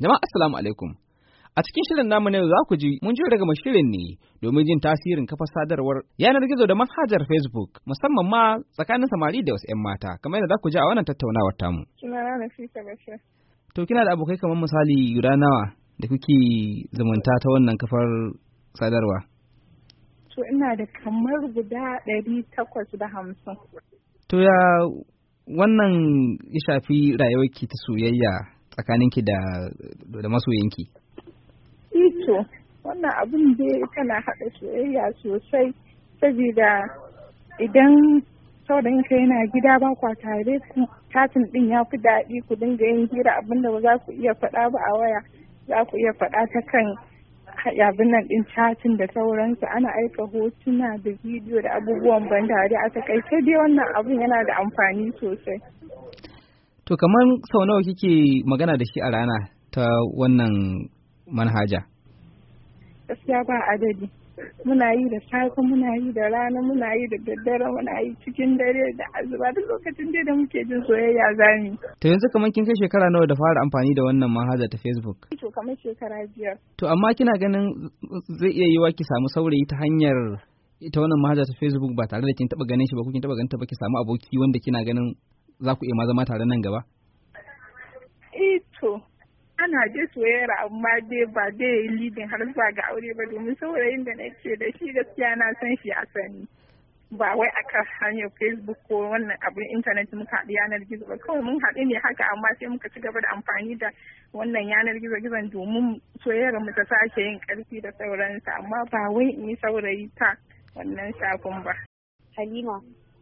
Jama'a assalamu alaikum. A cikin shirin namu na yau za ku ji mun jira daga mashirin ne domin jin tasirin kafa sadarwar yanar gizo da manhajar Facebook musamman ma tsakanin samari da wasu 'yan mata kamar yadda za ku ji a wannan tattaunawar tamu. To kina da abokai kamar misali guda nawa da kuke zumunta ta wannan kafar sadarwa? To ina da kamar guda ɗari takwas da hamsin. To ya wannan ya shafi rayuwarki ta soyayya tsakaninki da da masoyinki ito wannan abin ya tana haɗa soyayya sosai saboda idan kai yana gida ba kwa tare katin din ya fi daɗi ku dinga yin hira abin da ba za ku iya faɗa ba a waya za ku iya faɗa ta kan abin nan din chatin da sauransu ana aika hotuna da bidiyo da abubuwan ban dariya a takaice dai wannan abin yana da amfani sosai To kamar sau nawa kike magana da shi a rana ta wannan manhaja? Gaskiya ba adadi. Muna yi da safe, muna yi da rana, muna yi da daddare, muna yi cikin dare da azuba duk lokacin da muke jin soyayya zami. To yanzu kamar kin kai shekara nawa da fara amfani da wannan manhaja ta Facebook? To kamar shekara biyar. To amma kina ganin zai iya yiwa ki samu saurayi ta hanyar ita wannan manhaja ta Facebook ba tare da kin taba ganin shi ba ko kin taba ganin ta ba ki samu aboki wanda kina ganin za ku iya ma zama tare nan gaba? Ito, eh, ana je soyayya amma dai ba dai yi lidin har zuwa ga aure ba domin saurayin da nake da shi gaskiya na san shi a sani. Ba wai aka hanyar Facebook ko wannan abin intanet muka haɗu yanar gizo ba kawai mun haɗu ne haka amma sai muka ci gaba da amfani da wannan yanar gizo gizon domin soyayyar mu ta sake yin ƙarfi da sauransa amma ba wai in yi saurayi ta wannan shafin ba. Halima,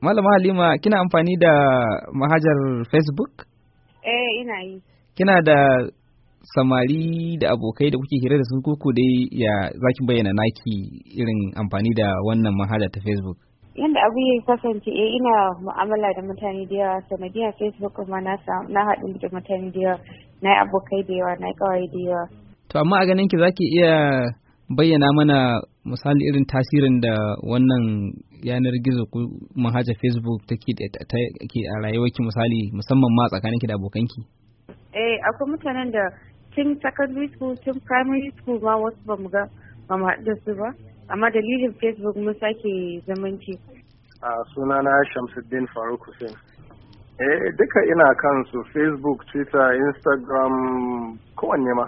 Malama Halima kina amfani da mahajar Facebook? Eh ina yi. Kina da samari da abokai da kuke hira da su koko dai ya zaki bayyana naki irin amfani da wannan mahajar ta Facebook? Yanda abu ya kasance eh ina mu'amala da mutane da yawa sanadiyar Facebook kuma na na haɗu da mutane da yawa na yi abokai da yawa na yi kawai da yawa. To amma a ganin ki zaki iya bayyana mana misali irin tasirin da wannan yanar gizo ko manhaja facebook take ke a rayuwarki misali musamman ma tsakanin ki da abokanki eh akwai mutanen da tun secondary school tun primary school ba wasu ba mu ga ba mu haɗu da su ba amma dalilin facebook mun sake zamanci a sunana shamsuddin faruk hussein eh duka ina kan su facebook twitter instagram kowanne ma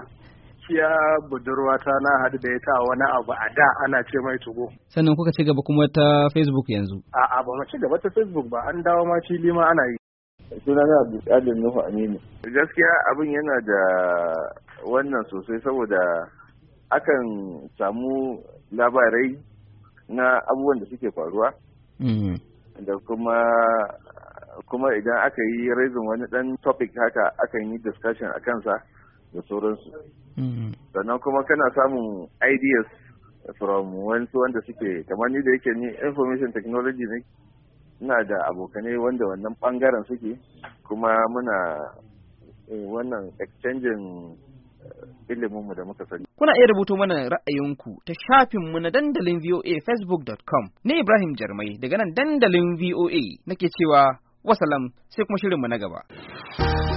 gaskiya budurwata na hadu da ita wani abu a da ana ce mai tugo. Sannan kuka ci gaba kuma ta Facebook yanzu? A'a ba ci gaba ta Facebook ba an dawo ma fili ma ana yi. Suna na Abdulkadir Nuhu Aminu. Gaskiya abin yana da wannan sosai saboda akan samu labarai na abubuwan da suke faruwa. Mm-hmm. Da kuma kuma idan aka yi raizin wani dan topic haka akan yi discussion a kansa da sauransu. Mm-hmm. sannan kuma kana samun ideas from wansu wanda suke kamar ni da yake ni information technology ne ina da abokanai wanda wannan bangaren suke kuma muna eh, wannan exchanging eh, iliminmu da muka sani. Kuna iya rubuto mana ra'ayinku ta shafin mu na dandalin VOA facebook.com ni Ibrahim Jarmai daga nan dandalin VOA nake cewa wasalam sai kuma shirin mu na gaba.